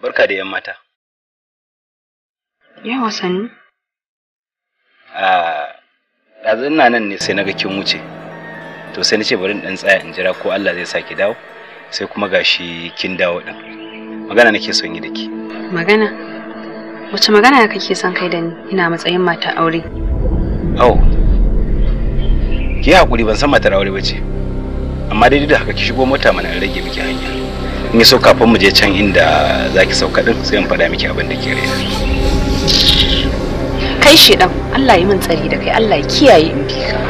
Barka da ‘yan mata. Yawa sannu. A ina nan ne sai na ga kin wuce. To sai na ce bari in ɗan tsaya in jira ko Allah zai sake dawo sai kuma gashi kin dawo ɗin. Magana nake son yi da ke. Magana? Wace magana kake son kai da ni ina matsayin mata aure? Oh, ki yi hakuri ban san matar aure bace amma daidai da haka ki shigo mota mana in rage miki hanya in so kafin mu je can inda zaki sauka din sai in faɗa miki abin da ke rai kai shi dan Allah yi min tsari da kai Allah ya kiyaye in bi ka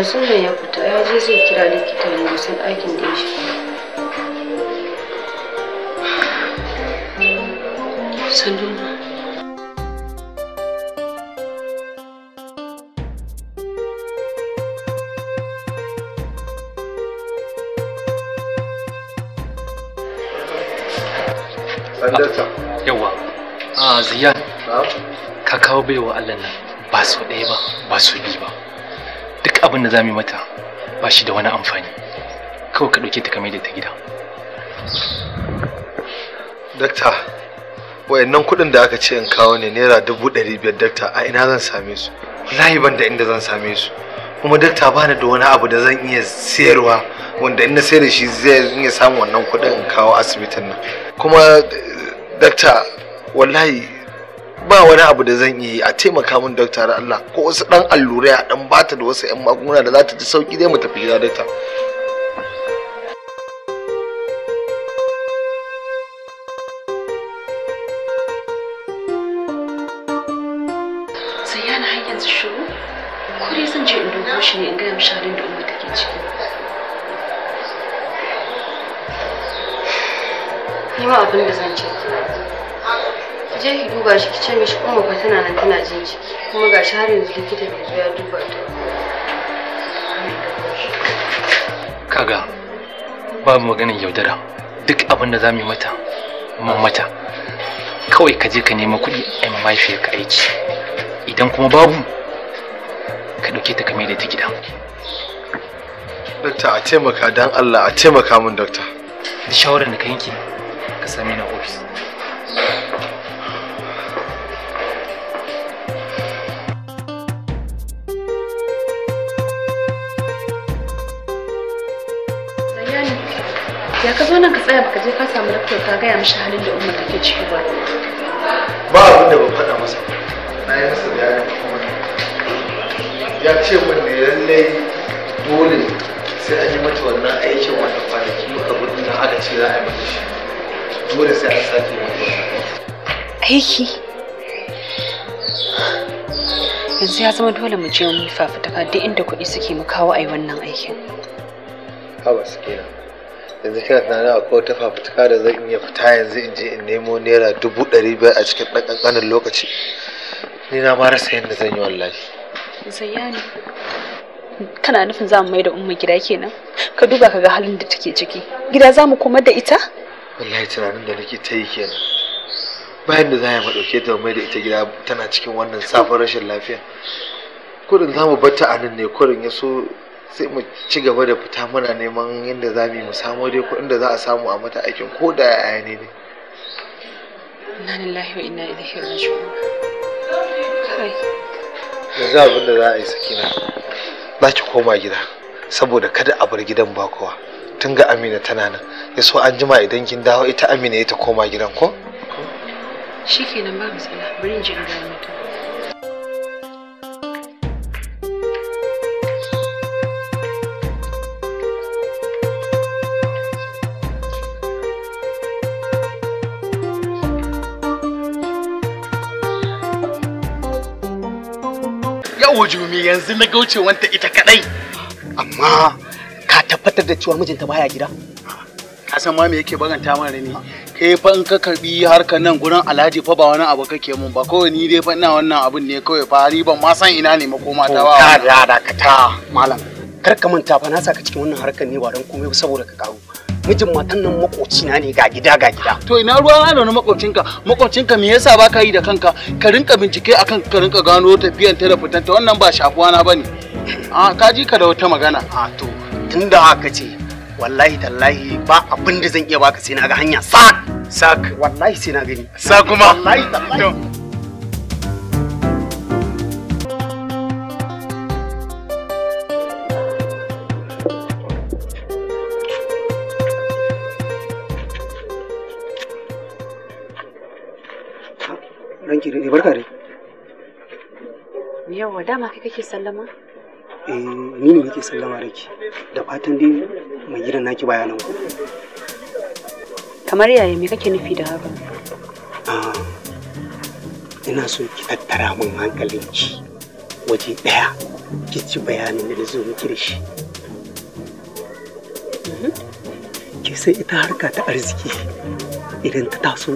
yanzu ne ya fita ya je zai kira likita ne san aikin da shi sanduna yawa a ah, ziyan ka kawo baiwa allah nan ba su ɗaya ba ba su biyu duk abin da za mu mata ba shi da wani amfani kawai ka ɗauke ta kamar da ta gida dakta wayannan kuɗin da aka ce in kawo ne naira dubu ɗari biyar dakta a ina zan same su wallahi ban da inda zan same su kuma dakta ba da wani abu da zan iya sayarwa wanda in na sayar da shi zai iya samun wannan kuɗin in kawo asibitin nan kuma eh, dakta wallahi ba wani abu da zan yi a taimaka min dokta da Allah ko wasu dan allurai a dan bata da wasu yan magunguna da za ta ji sauki dai mu tafi gida dokta Ni ma abin da zan ce. je ki duba shi ki ce mishi kuma fa tana nan tana jin ciki kuma gashi har yanzu likita bai zo ya duba ta kaga babu maganin yaudara duk abin da za mu yi mata mun mata kawai ka je ka nemi kuɗi a mahaifiyarka aiki idan kuma babu ka ɗauke ta kame da ta gida Dokta a taimaka don Allah a taimaka min dokta. Da shawarar da ka yanke ka same na ofis. tsaya baka je ka samu lafiyar ka gaya mishi halin da umma take ciki ba ba abin da ban faɗa masa na yi masa bayanin kuma ya ce min ne lallai dole sai an yi mata wannan aikin wannan kwanaki muka gudun na aka ce za a yi mata shi dole sai an sake mata aiki yanzu ya zama dole mu je mu yi fafutuka duk inda kuɗi suke mu kawo a yi wannan aikin. Haba su kenan. yanzu kina tunanin akwai wata fafutuka da zan iya fita yanzu in je in nemo naira dubu ɗari biyar a cikin ɗan ƙanƙanin lokaci ni na mara sayan yadda zan yi wallahi ne kana nufin za mu mai da umma gida kenan ka duba ka ga halin da take ciki gida za mu komar da ita wallahi tunanin da nake ta yi kenan bayan da za mu ɗauke ta mai da ita gida tana cikin wannan safar rashin lafiya kudin za mu batta a nan ne kurin ya so sai mu ci gaba da fita muna neman yadda za mu yi mu samu dai kuɗin da za a samu a mata aikin ko da yaya ne dai lillahi wa yanzu abin da za a yi sakina za ki koma gida saboda kada a bar gidan ba kowa tun ga amina tana nan ya so an jima idan kin dawo ita amina ya ta koma gidan ko kenan ba matsala bari in ji an gaya mutum. ta wajumi yanzu na gaucewanta ita kadai amma ka tabbatar da cewa mijinta baya gida ka san ma me yake baganta mana ne kai fa in ka karbi harkar nan gurin alhaji fa ba wani abu kake mun ba kawai ni dai fa ina wannan abun ne kawai fa ni ban ma san ina ne makoma ta ba ka da ka ta malam kar ka manta fa na saka cikin wannan harkar ne ba dan komai saboda ka karu mijin matan nan na ne ga gida ga gida to ina ruwa ana na makocinka makocinka me yasa ba ka yi da kanka ka rinka bincike akan ka rinka gano tafiyan ta da fitanta wannan ba shafuwa na bane a ka ji ka da wata magana a to tunda haka ce wallahi tallahi ba abin da zan iya baka sai na ga hanya sak sak wallahi sai na gani sa kuma wallahi tallahi ki da eh, barka dai Yawwa dama kai kake sallama eh ni ne nake sallama da ki da fatan dai mai gidan naki baya nan kamar yaya me kake nufi da haka Ah ina so ki tattara min hankalin ki waje daya ki ci bayanin da zo miki da shi mhm. ki sai ita harka ta arziki idan ta taso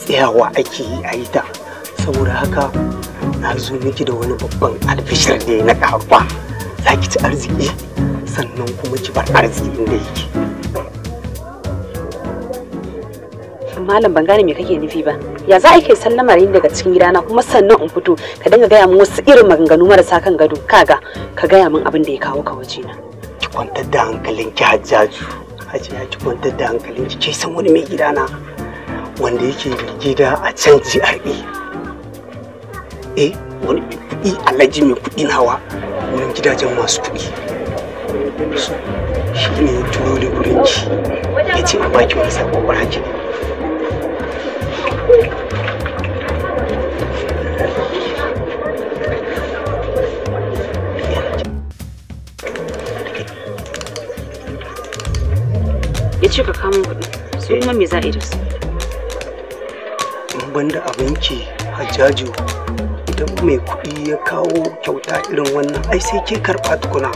tsayawa ake yi a yi ta saboda haka na zo miki da wani babban albishir ne na karuwa za ki ci arziki sannan kuma ki bar arzikin da yake malam ban gane me kake nufi ba ya za a ke sallama yin daga cikin gidana kuma sannan in fito ka dinga gaya min wasu irin maganganu marasa kan gado kaga ka gaya min abin da ya kawo ka waje na ki kwantar da hankalin ki hajjaju hajiya ki kwantar da hankalin ki ke san wani mai gida na wanda yake mai gida a can GRA e wani kuɗi alhaji mai kuɗi hawa wurin gidajen masu kuɗi shi ne turo da wurin ya ce a baki wani sakon baraki ya ce ka su kuma me za a yi da su ban da abinki hajjaju idan mai kuɗi ya kawo kyauta irin wannan ai sai ke karɓa tukuna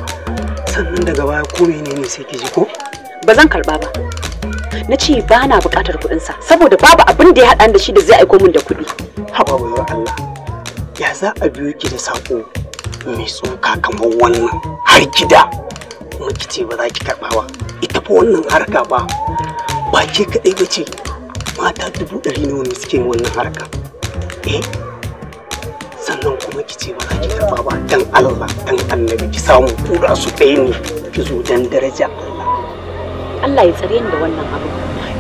sannan daga baya ko ne sai ki ji ko ba zan karɓa ba na ce ba na buƙatar kuɗinsa saboda babu abin da ya haɗa da shi da zai aiko min da kuɗi haba bai Allah ya za a biyo ki da sako mai tsoka kamar wannan har gida kuma ki ce ba za ki karɓa ba ita fa wannan harka ba ba ke kaɗai ba ce mata dubu ɗari ne wani suke wannan harka eh sannan kuma ki ce ba za ki ba dan Allah dan annabi ki samu kura su ɗaya ne ki zo dan daraja Allah Allah ya tsare ni da wannan abu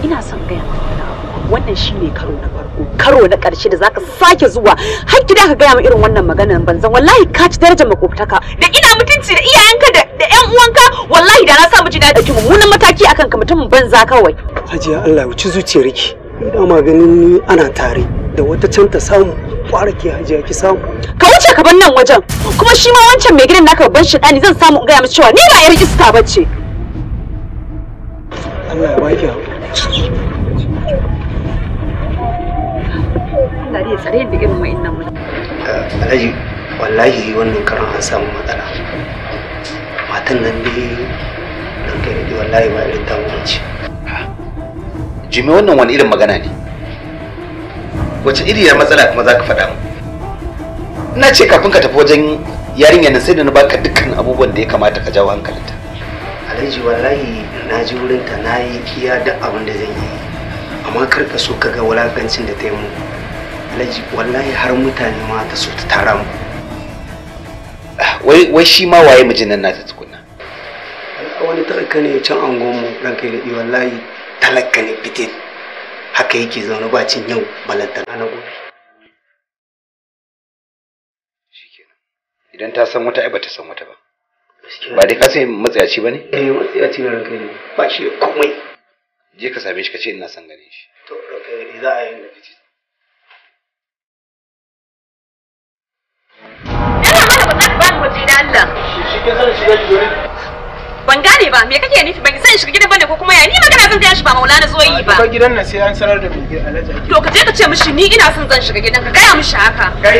ina son gaya maka wannan shine karo na farko karo na ƙarshe da zaka sake zuwa har gida ka gaya min irin wannan maganar banzan wallahi ka ci darajar makwabtaka da ina mutunci da iyayenka da da ƴan uwanka wallahi da na sa mijina da dauki mummunan mataki akan ka mutumin banza kawai Hajiya Allah ya wuci zuciyarki ina maganin ni ana tare da wata can ta samu kwara ke hajiya ki samu ka wuce ka bar nan wajen kuma shi ma wancan mai gidan naka babban shidani zan samu in gaya masa cewa ni ba yar iska bace Allah ya baki Allah ya tsare da irin wa'annan mutane eh, Alhaji wallahi wannan karan an samu matsala matan nan ne nan kai wallahi ba irin ta wuce Jimi wannan wani irin magana ne wace iriyar matsala kuma za ka faɗa mu ina ce kafin ka tafi wajen yarinyar nan sai da na baka dukkan abubuwan da ya kamata ka jawo hankalinta alhaji wallahi na ji wurinta na yi kiya da abin da zan yi amma kar ka so ka ga wulakancin da ta yi mu alhaji wallahi har mutane ma ta so ta tara mu wai wai shi ma waye mijin nan na ta tukunna wani talaka ne can an mu ranka yi daɗi wallahi talaka ne fitin haka yake zaune ba cin yau balantana na gobe idan ta san wata ai bata san wata ba ba dai ka sai matsayaci ba ne? eh matsayaci na ranka ne ba shi da komai je ka same shi ka ce ina san ganin shi to ranka ne za a yi da kici Kana mana ba ba mu wace da Allah. Shi ke sanin shiga shi ban gane ba me kake nufi ban san shiga gidan bane ko kuma ya ni magana zan taya shi ba maulana zo yi ba kai gidan nan sai an sanar da mai gidan alhaji to ka je ka ce mishi ni ina son zan shiga gidan ka gaya mishi haka kai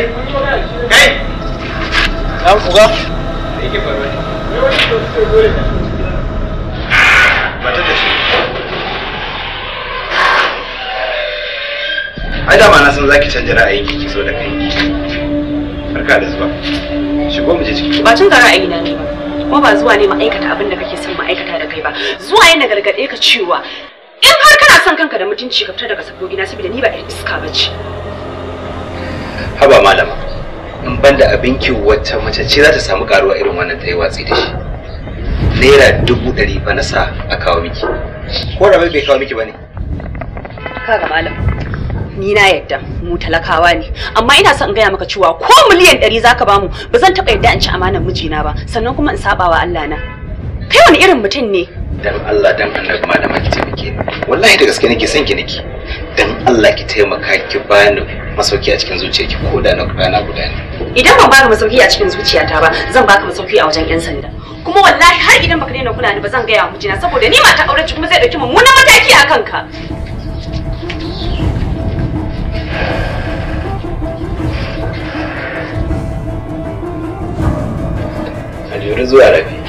kai dan uga yake faruwa bata da ai da ma na san zaki canja ra'ayi ki zo da kai barka da zuwa shigo mu je ciki ba cin ra'ayi na ne ba kuma ba zuwa ne ma'aikata abin da kake son ma'aikata da kai ba zuwa yana gargaɗe ka cewa in har kana son kanka da mutunci ka fita daga sabgogi na saboda ni ba ɗan iska ba ce. haba malama in ban da abinki wata mace ce za ta samu karuwa irin wannan ta yi watsi da shi naira dubu ɗari ba na sa a kawo miki ko da bai kawo miki ba ne. kaga malam ni na yadda mu talakawa ne amma ina son in gaya maka cewa ko miliyan ɗari zaka bamu ba zan taɓa yadda in ci amanar mijina ba sannan kuma in saba wa Allah na kai wani irin mutum ne dan Allah dan kuma da ki take wallahi da gaske nake son ki nake dan Allah ki taimaka ki bani masauki a cikin zuciyarki ko da na rana guda ne idan ban baka masauki a cikin zuciyata ba zan baka masauki a wajen yan sanda kuma wallahi har idan baka daina kula ni ba zan gaya wa mijina saboda ni mata aure kuma zai dauki mummunan mataki a kanka zuwa rafi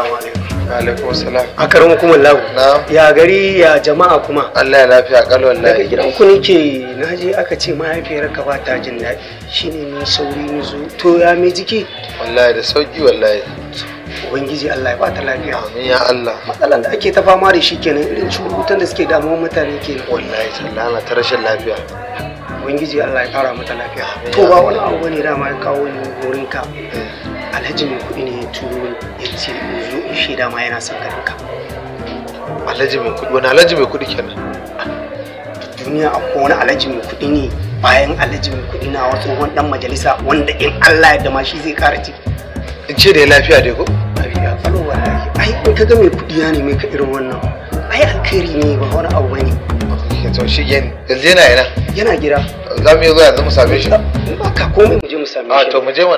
Assalamu alaikum. Wa alaikum salam. Akarin hukumullahu. Na'am. Ya gari ya jama'a kuma. Allah ya lafiya kal wallahi. Daga gidan ku nake naje aka ce mahaifiyar ka ba ta jin daɗi. Shine ni sauri ni zo. To ya me jiki? Wallahi da sauki wallahi. Ubangiji Allah ya ba ta lafiya. Amin ya Allah. Matsalan da ake ta fama da shi kenan irin curutan da suke damuwa mutane kenan. Wallahi sallama ta rashin lafiya. Ubangiji Allah ya kara mata lafiya. To ba wani abu ne dama ya kawo ni wurinka. Eh. alhaji mai kuɗi ne ya ya ce zo in shaida ma yana son ganin ka alhaji mai kuɗi wani alhaji mai kuɗi kenan ah, duniya akwai wani alhaji mai kuɗi ne bayan alhaji mai kuɗi na wasu wani dan majalisa wanda in Allah ya dama shi zai kara ci in ce da ya lafiya dai ko lafiya kalo wallahi ai in ka ga mai kuɗi ya neme ka irin wannan ai alkhairi ne ba wani abu bane yanzu shi yanzu yana yana yana gida za mu yi zuwa yanzu mu same shi ba ka komai mu je mu same ah, shi to mu je mu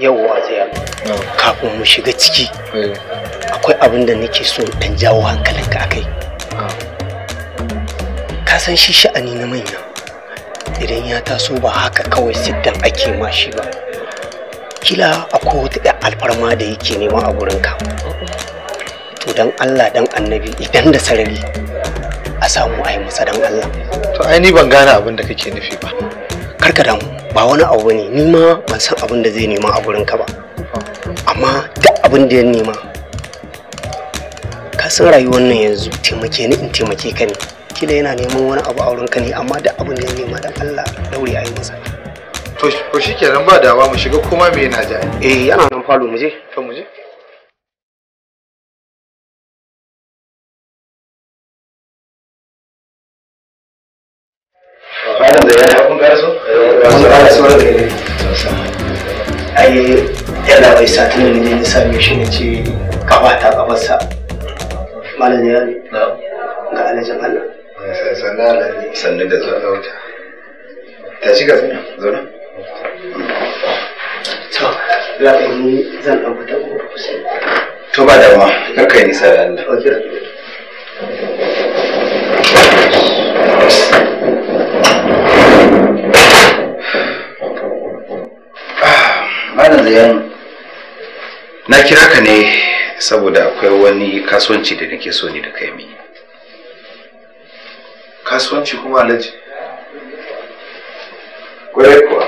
yauwa zai kafin mu shiga ciki eh. akwai abin da nake so dan jawo hankalinka akai ah. ka san shi sha'ani na manya idan ya taso ba haka kawai siddan ake ma shi ba kila akwai wata da alfarma da yake neman a gurinka to dan allah dan annabi idan da sarari a samu a yi masa dan allah to ai ni ban gane abin da kake nufi ba karka damu ba wani abu ne ni ma ban san abin da zai nema a ka ba amma duk abin da ya nema ka san rayuwar nan yanzu taimake ni in taimake ka ne kila yana neman wani abu a ka ne amma duk abin da ya nema dan Allah daure a yi masa to shi kenan ba dawa mu shiga kuma me yana jaye. eh yana nan falo mu je to mu je Eh, da yaya kun karaso? kun karaso da gari ai yana bai satin da nije nisa mai shi ne ce kafa ta kafarsa malam ya ga ya Allah eh, sannan alaji sannan da zuwa lauta ta shiga zauna zauna to za ka yi zan ɗauka ta kuma to ba da ma kakkai nisa da Allah na kira ka ne saboda akwai wani kasuwanci da nake so ne da kai mi kasuwanci kuma alhaji kwaye kuwa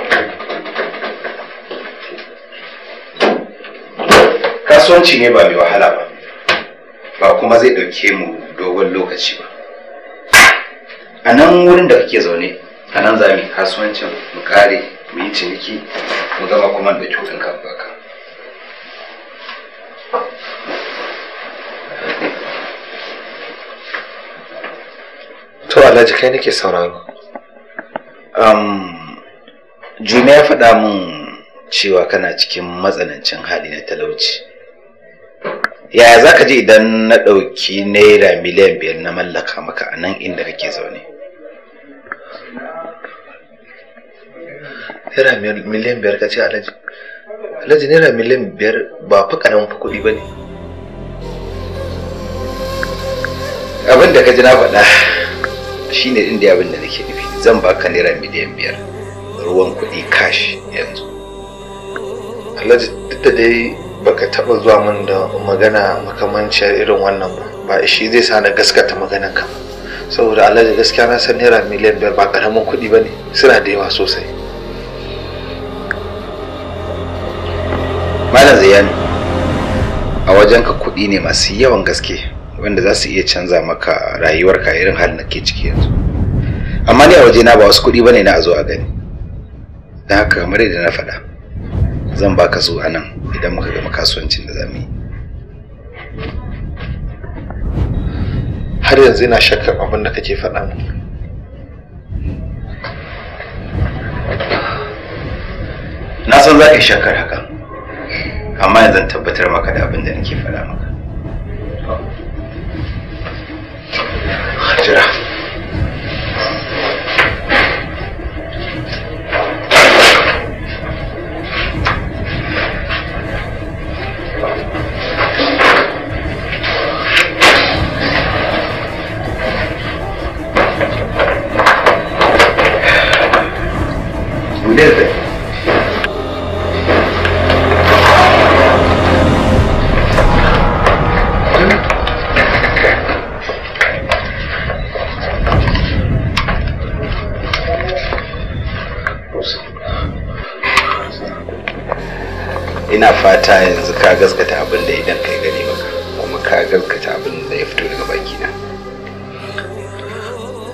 kasuwanci ne ba mai wahala ba ba kuma zai ɗauke mu dogon lokaci ba a nan wurin da kake zaune a nan za mu kasuwancin mu kare mu yi ciniki ka zama kuma da kyautan ka baka to alhaji kai nake sauraro um, ya faɗa min cewa kana cikin matsanancin hali na talauci yaya za ka ji idan na ɗauki naira miliyan biyar na mallaka maka a nan inda kake zaune naira miliyan biyar ka ce alhaji alhaji naira miliyan biyar ba fi karamin fa kuɗi ba ne abin da ka ji na faɗa shi ne inda abin da nake nufi zan baka naira miliyan biyar ruwan kuɗi kashi yanzu alhaji duk da dai baka taba zuwa min da magana makamanciyar irin wannan ba ba shi zai sa na gaskata maganar ka saboda alhaji gaskiya na san naira miliyan biyar ba karamin kuɗi ba ne suna da yawa sosai malam zayani a wajenka kuɗi ne masu yawan gaske wanda za su iya canza maka rayuwarka irin halin da ke ciki yanzu amma ni a waje na ba wasu kuɗi bane na a zo a gani don haka kamar yadda na faɗa zan baka su a nan idan muka gama kasuwancin da zamu yi har yanzu ina shakkar abin da kake faɗa min na san za ka shakkar haka amma zan tabbatar maka da abin da nake faɗa maka Hajira. Yeah. ina fata yanzu ka gaskata abin da idan kai gani maka, kuma ka gaskata abin da ya fito daga baki na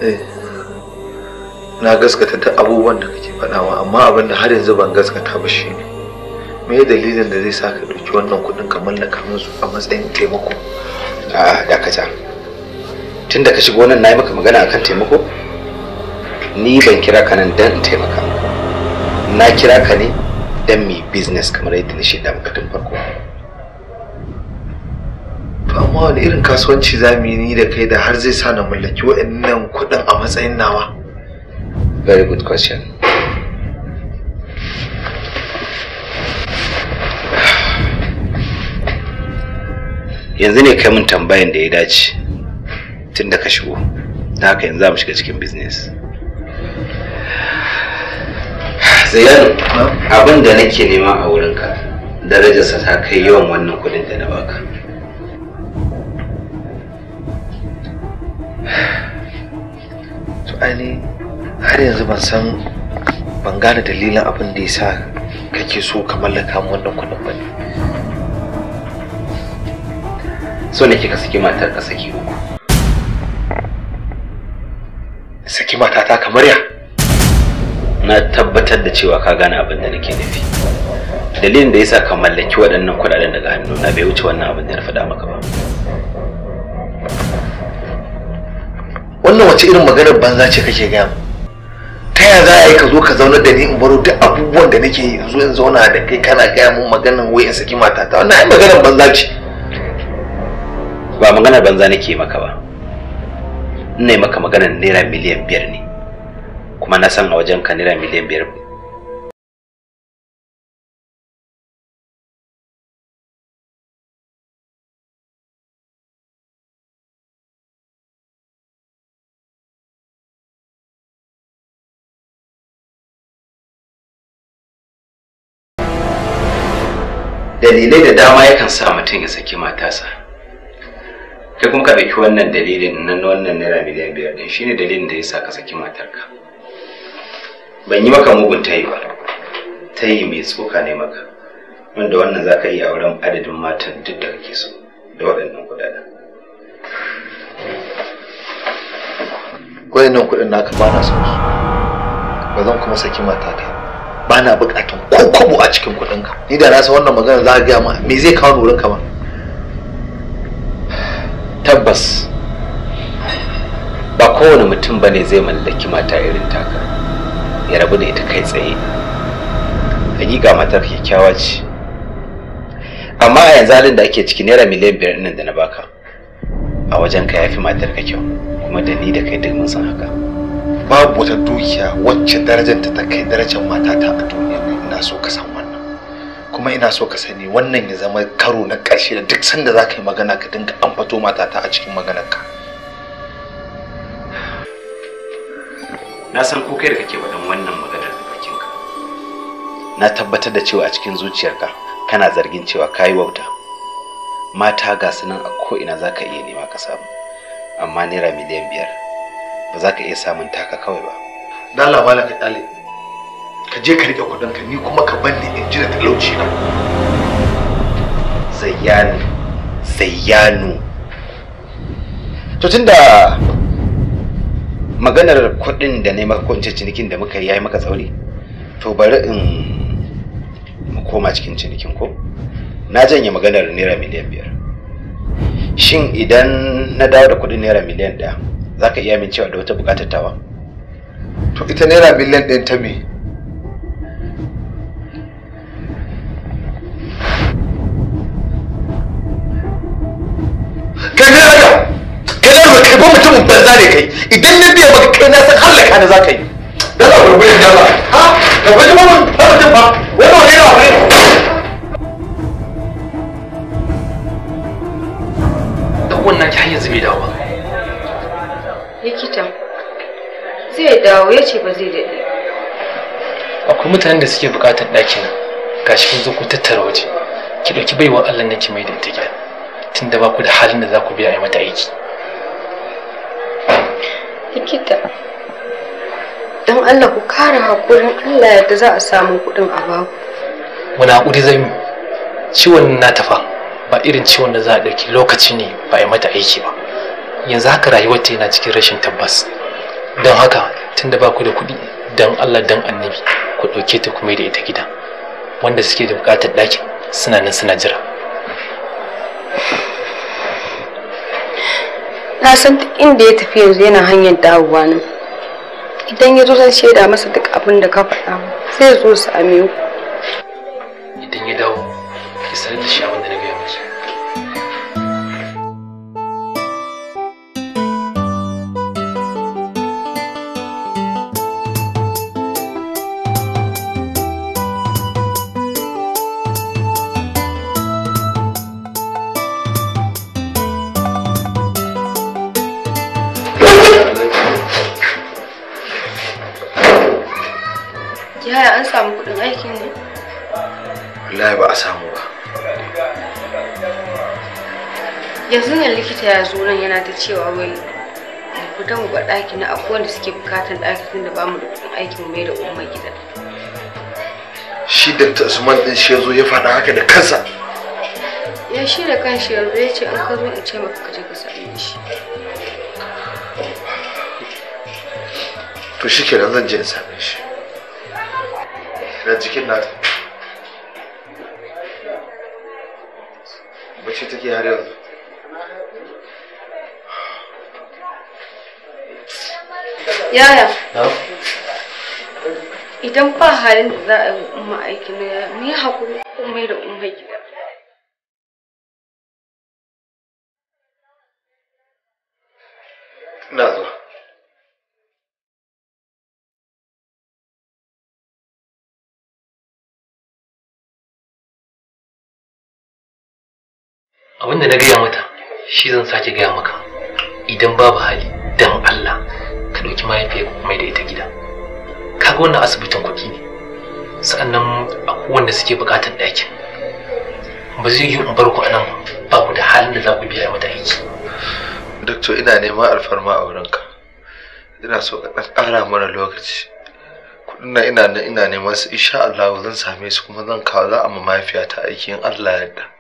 eh, na gaskata duk abubuwan da kake faɗawa amma abin da har yanzu ban gaskata ba shi ne me dalilin da zai sa ka ɗauki wannan kuɗin ka mallaka musu a matsayin taimako a dakata tun da ka shigo nan na yi maka magana akan taimako ni ban kira ka nan don taimaka na kira ka ne dan mai business kamar yadda na shaida maka tun farko to amma wani irin kasuwanci za mu yi ni da kai da har zai sa na mallaki waɗannan kuɗin a matsayin nawa very good question yanzu ne kai mun tambayan da ya dace tun da ka shigo ta haka yanzu za mu shiga cikin business Zayyano, abin da nake nema a wurinka darajarsa ta kai yawan wannan kudin da na baka. Tu'ani, har yanzu ban san ban gane dalilin abin da ya sa kake so ka mallaka wannan kudin ba ne. So nake ka saki matar ka saki uku. Saki matata kamar ya? na tabbatar da cewa ka gane abin da nake nufi dalilin da yasa ka mallaki waɗannan kuɗaɗen daga na bai wuce wannan abin da na faɗa maka ba wannan wace irin maganar banza ce kake gaya mu ta yaya za a yi ka zo ka zauna da ni in baro duk abubuwan da nake yanzu in zauna da kai kana gaya mun maganar wai in saki matata wannan ai maganar banza ce ba maganar banza nake maka ba ina yi maka maganar naira miliyan biyar ne kuma na san a wajen ka naira miliyan biyar dalilai da dama yakan sa mutum ya saki matasa kai kuma ka ɗauki wannan dalilin na wannan naira miliyan biyar ɗin shine dalilin da ya sa ka saki matarka ban yi maka mugun tayi ba tayi mai tsoka ne maka wanda wannan za ka yi a wurin adadin matan duk da kake so da waɗannan kuɗaɗen waɗannan kuɗin naka ba na son su ba zan kuma saki matata ba na buƙatar ko a cikin kuɗinka ni da na san wannan magana za ka gaya ma me zai kawo nurin ka ba tabbas ba kowane mutum ba ne zai mallaki mata irin taka ya rabu da ita kai tsaye hakika matar kyakkyawa ce amma a yanzu halin da ake ciki naira miliyan biyar nan da na baka a wajen ka yafi matar ka kyau kuma da ni da kai duk mun san haka babu wata dukiya wacce darajarta ta kai darajar matata a duniya ina so ka san wannan kuma ina so ka sani wannan ya zama karo na ƙarshe da duk sanda za ka yi magana ka dinga ambato matata a cikin maganarka na san ko kai da kake faɗin wannan maganar da bakinka na tabbatar da cewa a cikin zuciyarka kana zargin cewa kayi wauta mata ga su nan a ko'ina za ka iya nema ka samu amma naira miliyan biyar ba za ka iya samun taka kawai ba na labala ka dale ka je ka riƙe kuɗinka ni kuma ka banne in ji da talauci na zayyanu zayyanu to tunda maganar kuɗin da na maka kwanci cinikin da muka yi ya maka tsauri to bari in mu koma cikin cinikin ko na janye maganar naira miliyan biyar shin idan na dawo da kuɗin naira miliyan ɗaya za ka iya min cewa da wata bukatar tawa to ita naira miliyan ɗin ta me kai ne kai ba mutumin banza ne kai idan na biya maka kai na san hallaka na za ka yi da za ku rubuta da ba ha da wani mamman na mutum ba wani wani na wani da wannan ki har yanzu bai dawo ba likita zai dawo ya ce ba zai daɗe akwai mutanen da suke buƙatar ɗakina gashi kun zo ku tattara waje ki ɗauki baiwa allah nan ki mai da ita gida tunda ba ku da halin da za ku biya a mata aiki likita don allah ku kare hakurin allah yadda za a samu kuɗin a baku wani hakuri zan yi ciwon na tafa ba irin ciwon da za a ɗauki lokaci ne ba a mata aiki ba yanzu haka rayuwar ta yana cikin rashin tabbas don haka tunda ba ku da kuɗi don allah dan annabi ku ɗauke ta kuma da ita gida wanda suke da buƙatar ɗakin suna nan suna jira na san duk inda ya tafi yanzu yana hanyar dawowa nan idan ya zo zan shaida masa duk abin da ka faɗa sai zo su ame ku idan ya dawo ki sanar da shi abin da Yaya an samu kuɗin aikin ne? Wallahi ba a samu ba. Yanzu nan likita ya zo nan yana ta cewa wai ku ta mu ba ɗaki na akwai wanda suke bukatar ɗakin da ba mu da kuɗin aikin mai da umma gida. Shi Dr. Usman ɗin shi ya zo ya faɗa haka da kansa. Ya shi da kanshi yanzu ya ce an ka zo in ce maka ka je ka sami shi. to shi ke kenan zan je in same shi. da jikin e, nata bacci take har yanzu yaya idan ba halin da za a yi umma aiki na yaya mu yi haƙuri komai da umma gida ina abin da na gaya mata shi zan sake gaya maka idan babu hali dan Allah ka ɗauki mahaifiyar kuma da ita gida kaga wannan asibitin kuɗi ne sa'annan akwai wanda suke buƙatar ɗakin ba zai yi in bar ku anan ba ku da halin da za ku biya mata aiki doctor ina neman alfarma a wurinka ina so ka ɗan ƙara mana lokaci kuɗin ina ina neman su insha Allah zan same su kuma zan kawo za a ma mahaifiyata aiki in Allah ya yarda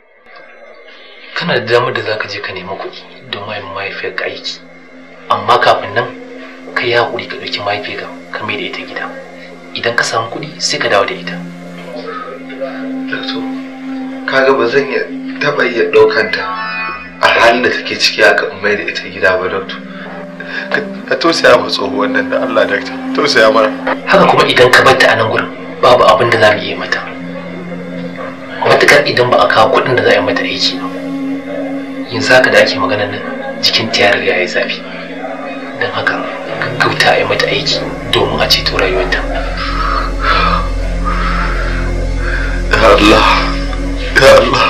kana da damar da zaka je ka nemi kuɗi don wayan mahaifiyar ka aiki amma kafin nan ka yi haƙuri ka ɗauki mahaifiyar ka mai da ita gida idan ka samu kuɗi sai ka dawo da ita kaga ba zan iya taɓa iya ɗaukanta a halin da take ciki aka mai da ita gida ba doctor ka tausaya ma tsoho nan da Allah dakta tausaya mara. haka kuma idan ka bar ta a nan gurin babu abin da za mu iya mata matukar idan ba a kawo kuɗin da za a yi mata aiki ba yanzu saka da ake maganar nan jikin ta ya riga ya yi zafi don haka ka a yi mata aiki domin a ceto rayuwarta ya Allah ya Allah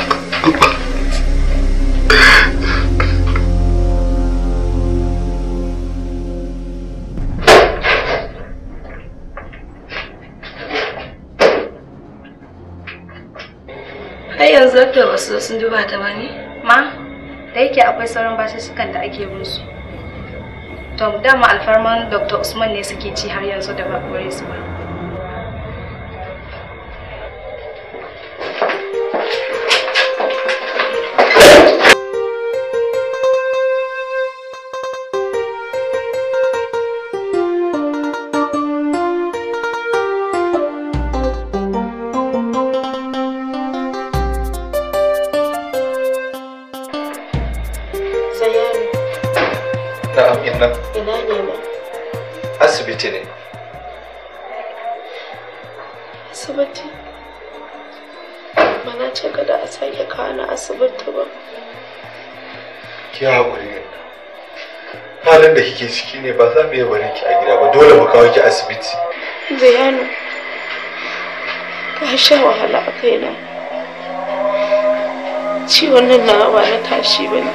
har yanzu da wasu sun duba ta ba ma da yake akwai sauran basussukan da ake bin su to dama alfarman dr usman ne suke ci har yanzu da ba su ba iya barin ki a gida ba dole mu kawo ki asibiti zayano ka sha wahala a kaina ciwon nan na ba na tashi ba ne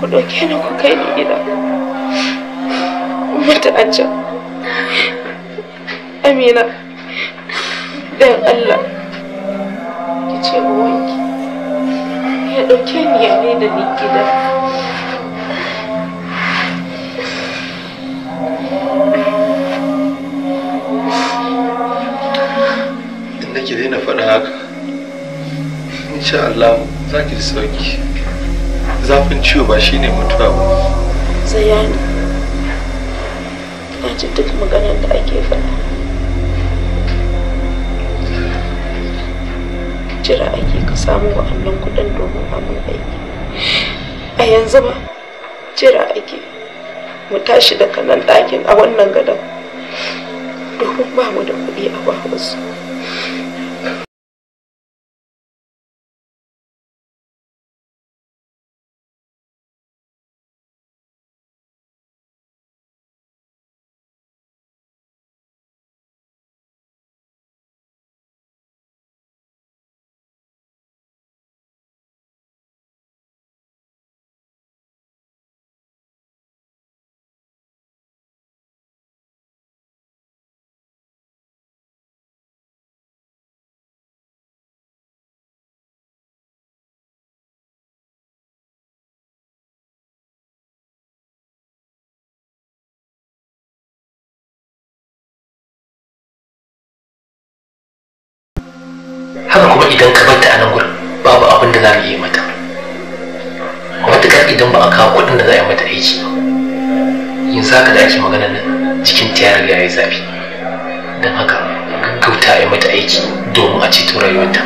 ku ɗauke ni ku kai ni gida mata a can amina dan allah ki ce wanki ya ɗauke ni ya da ni gida nake daina faɗa haka insha Allah za ki ji sauki zafin ciwo ba shine mutuwa ba tsaya ne na ji duk maganar da ake faɗa jira ake ka samu wa'annan kuɗin domin amin aiki a yanzu ba jira ake mu tashi daga nan ɗakin a wannan gadon domin ba mu da kuɗi a wasu. ta yi mata aiki domin a ceto rayuwarta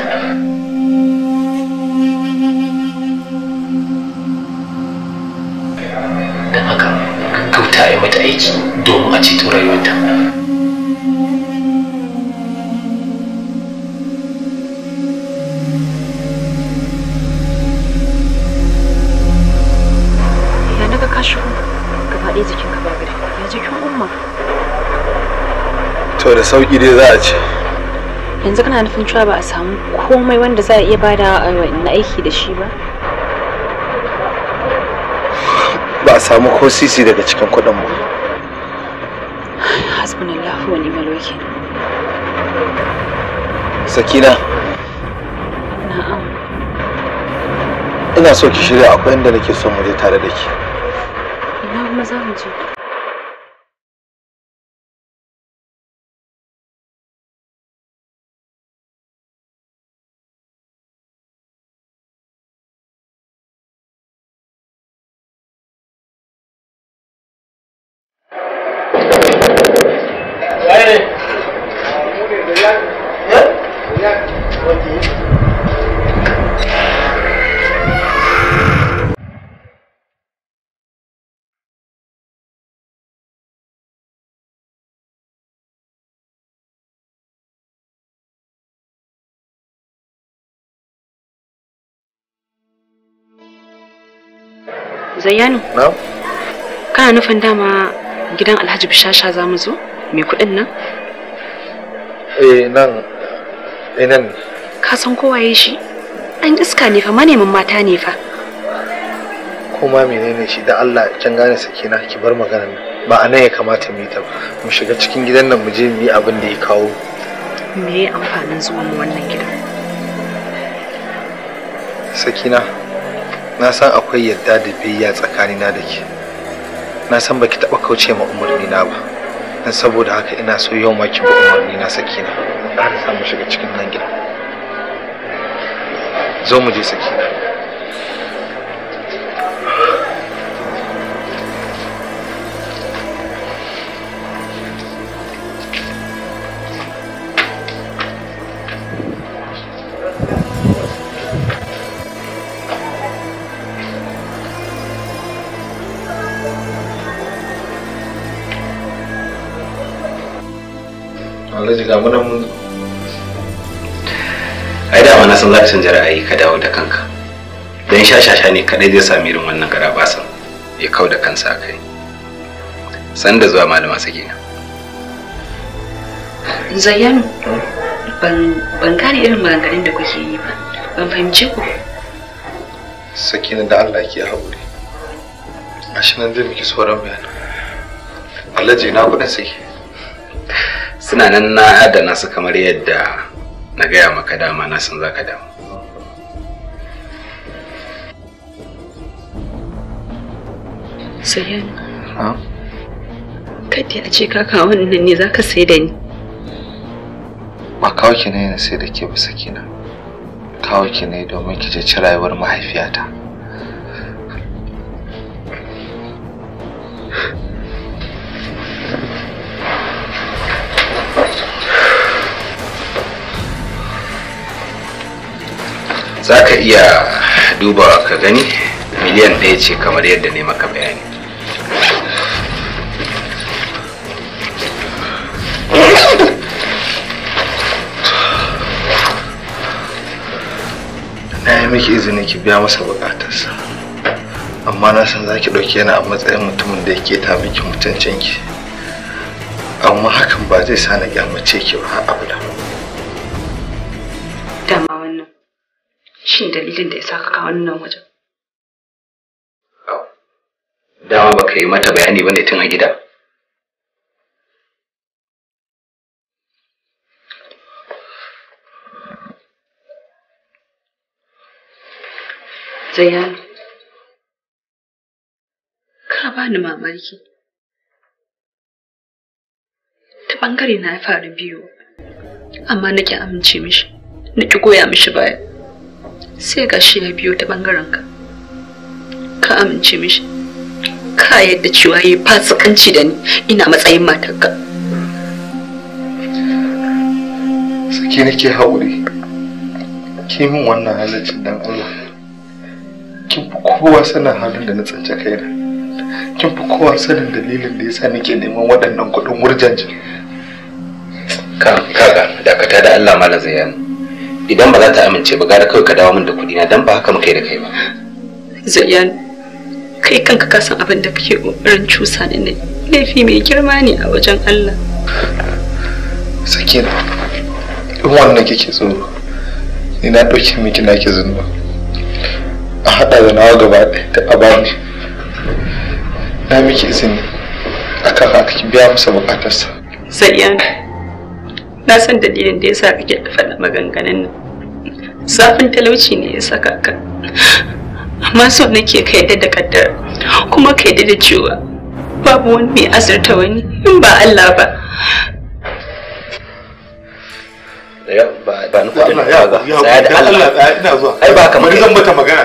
don haka gaggauta yi mata aiki domin a ceto rayuwarta to da sauki dai za a ce yanzu kana nufin cewa ba a samu komai wanda za a iya bada eh, na aiki da shi ba ba a samu ko sisi daga cikin kudin mu hasbunallahu wa wani maloki sakina na'am ina so ki shirya akwai inda nake son mu je tare da ki ina kuma za mu je Zayyanu? Na? Kana nufin dama gidan Alhaji Bishasha za mu zo? Mai kuɗin nan? Eh nan, eh nan. Ka san kowa ya shi? Ɗan iska ne fa manemin mata ne fa. Kuma menene shi da Allah can gane sakina ki bar maganar nan. Ba a nan ya kamata mu yi ta mu shiga cikin gidan nan mu je mu yi abin da ya kawo. Me amfanin zuwan wannan gidan? Sakina, na san akwai yadda da biyayya tsakanina da ke na san baki taɓa kauce ma umarni na ba dan saboda haka ina so yau ma ki bi umarni na sakina har samu shiga cikin nan gida zo mu je sakina alhaji ga munan mun ai dama na san za ka canja ra'ayi ka dawo da kanka dan shashasha ne kadai zai sami irin wannan gara basan ya kau da kansa kai san da zuwa malama na. zayyano ban gane irin maganganun da kuke yi ba ban fahimce ku sakina da Allah ke a shi nan zai miki sauran bayanan alaji na kudin sai suna nan na adana su kamar yadda na gaya maka dama na san za ka damu Suyanu. Kada a ce kaka wannan ne za ka sai da ni. Ba kawo ki ne na sai da ke bisa kina Kawo ki ne domin ki ci rayuwar mahaifiyata. za ka iya duba ka gani miliyan ɗaya ce kamar yadda ne maka bayani na yi miki izini ki biya masa bukatarsa amma na san za ki ɗauki yana a matsayin mutumin da yake ta miki mutuncinki amma hakan ba zai sa na gyamace ki ba abu da. shin dalilin da ya saka ka nan wajen dama baka yi mata bayani ne tun a gida Zayyano, ka bani mamaki. Ta ɓangare na ya faru biyu, amma nake amince mishi, nake goya mishi baya. sai gashi ya biyo ta bangaren ka ka amince mishi ka yadda cewa yi fasikanci da ni ina matsayin matarka saki nake haƙuri ki min wannan halaccin dan Allah kin fi kowa sanin halin da na tsance kaina kin fi kowa sanin dalilin da yasa nake neman waɗannan kuɗin wurjanci ka ka dakata da Allah mala yana idan ba za ta amince ba gara kawai ka dawo min da kuɗi na dan ba haka muka yi da kai ba zayyan kai kanka ka san abin da kake kokarin cusa ni ne laifi mai girma ne a wajen Allah sakina in wannan kike tsoro ni na ɗauke miki ke zunuba a haɗa da nawa gaba ɗaya da ni na miki izini akan haka ki biya masa bukatarsa zayyan na san dalilin da ya sa kake faɗa maganganun nan zafin talauci ne ya saka ka amma so nake ka yadda da kaddara kuma ka yadda da cewa babu wani mai azurta wani in ba Allah ba ba ba ba da Allah ina zuwa ai ba kamar zan mata magana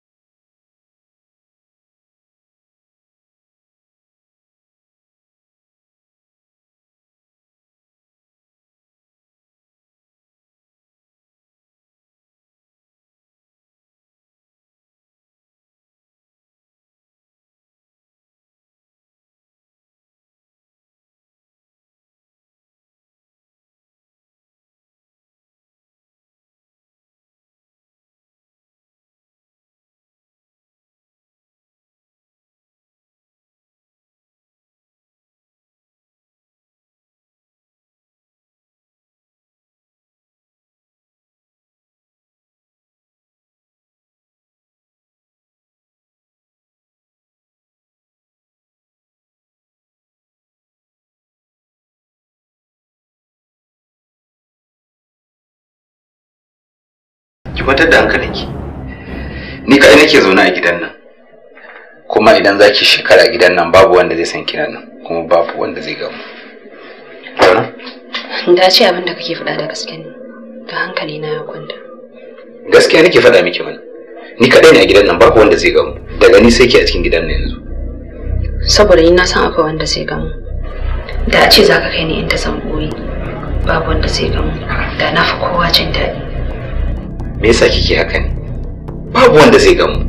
ki kwantar da hankalinki ni kaɗai nake zaune a gidan nan kuma idan za ki shekara gidan nan babu wanda zai san kina nan kuma babu wanda zai gamu da ce abin da kake faɗa da gaske ne to hankali na ya kwanta gaskiya nake faɗa miki mana, ni kaɗai ne a gidan nan babu wanda zai gamu daga ni sai ke a cikin gidan nan yanzu saboda ni na san akwai wanda zai gamu da ce za ka kai ni inda zan ɓoye babu wanda zai gamu da na fi kowa jin daɗi me yasa kike haka ne babu wanda zai gamu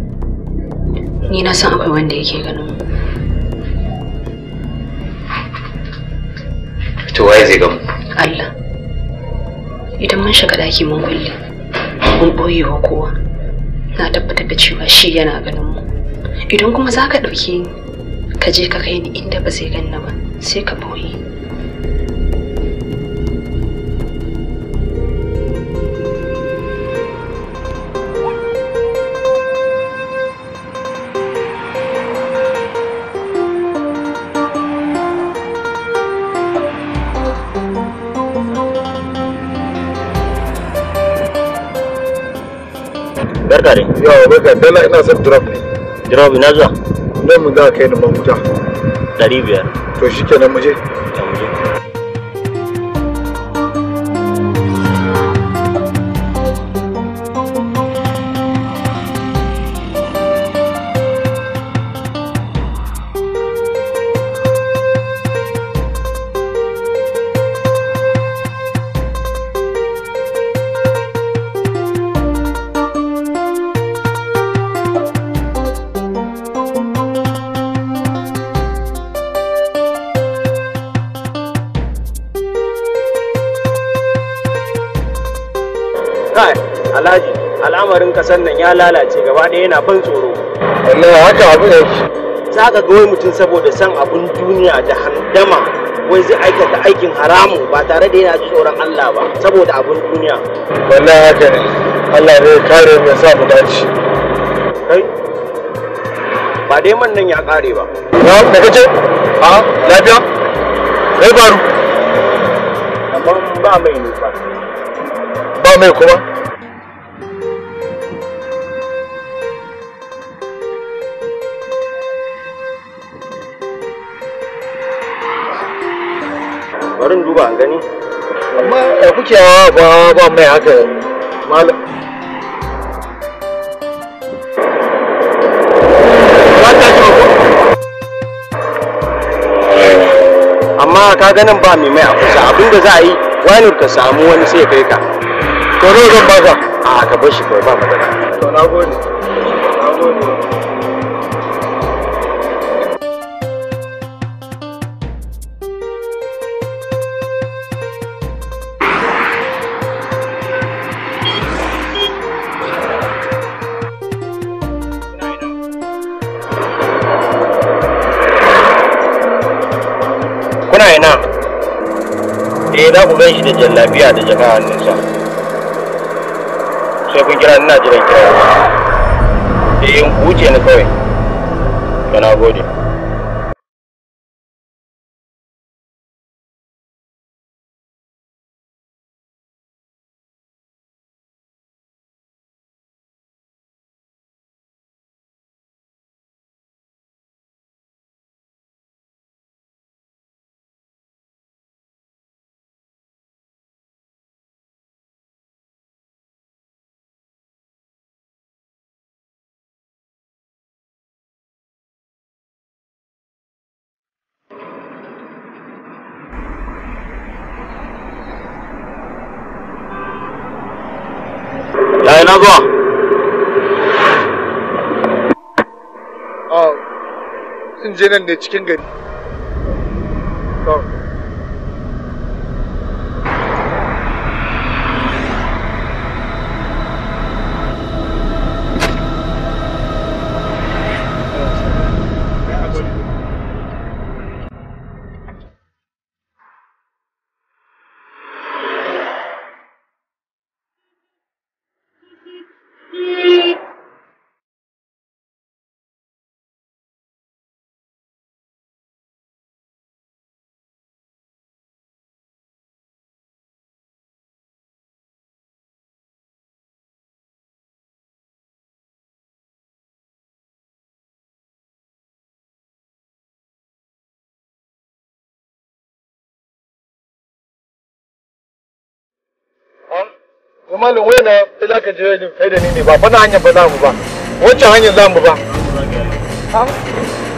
ni na san akwai wanda yake ganin mu to waye zai gamu Allah idan mun shiga daki mun kulle mun boye wa kowa na tabbatar da cewa shi yana ganin mu idan kuma za ka ɗauke ni ka je ka kai ni inda ba zai ganna ba sai ka boye barka dai yawa barka dala ina son drop ne drop ina zuwa nan mun za ka kai ni mahuta ɗari biyar to shikenan mu je lalace gaba ɗaya yana ban tsoro wallahi haka abu ne. za ka ga wai mutum saboda san abun duniya da handama wai zai aikata aikin haramu ba tare da yana tsoron Allah ba saboda abun duniya wallahi haka ne Allah ne kare mu sa mu dace kai ba dai man nan ya kare ba na da kace a lafiya kai baro amma ba mai nufa ba mai kuma kucewa ba ba mai haka malam amma ka ganin ba mai mai a kusa abinda za a yi wani ka samu wani sai kai ka to zan ba ka a ka bar shi kawai ba matsala to na gode ban shi da lafiya da jama'a hannunsa sai kun kira ina jiran kira da eh, yin wuce ni kawai kana gode ya ina zuwa ah, in je nan ne cikin gari malam wai na da ka je kai da ni ne ba fana hanyar ba za mu ba wancan hanyar za mu ba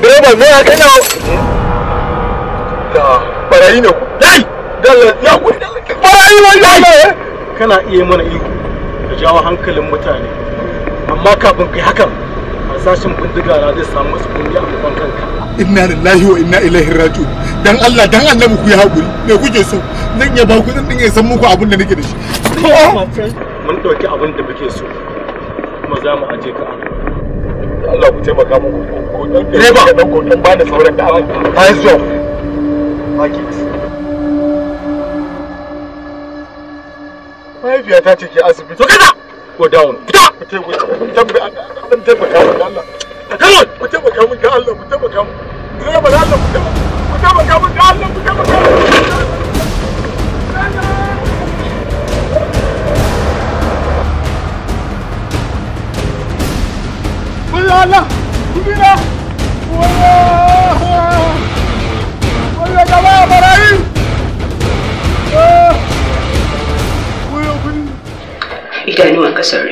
direba me ya kana da barayi ne ku dai dalla ya ku barayi wallahi kana iya mana iko ka jawo hankalin mutane amma kafin kai hakan sashin bindiga na zai samu a gaban kanka inna lillahi wa inna ilaihi raji'un dan Allah dan annabi hakuri me kuke so zan iya ba ku zan dinga san muku abin da nake da shi mun dauki oh! abin da muke so kuma za mu aje ka Allah ku taimaka mu ko dan dan ko dan bani sauran da ce ke asibiti ko down ku taimaka ku taimaka ku taimaka mu da Allah kawai taimaka mu ga Allah ku taimaka mu direba Allah ku taimaka ku taimaka mu ga Allah ku taimaka Allah, ku bira. Wallah. Wallah jama'a barayi. Eh. Ku yi Idanuwan kasar